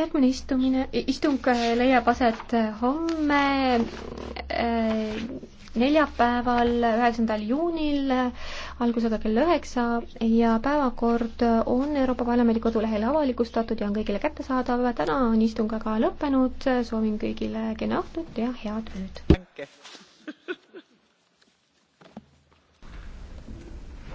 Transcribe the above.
järgmine istumine, istung äh, leiab aset äh, homme äh, neljapäeval, üheksandal juunil algusega kell üheksa ja päevakord on Euroopa Parlamendi kodulehel avalikustatud ja on kõigile kättesaadav. täna on istung aga lõppenud, soovin kõigile kena õhtut ja head ööd!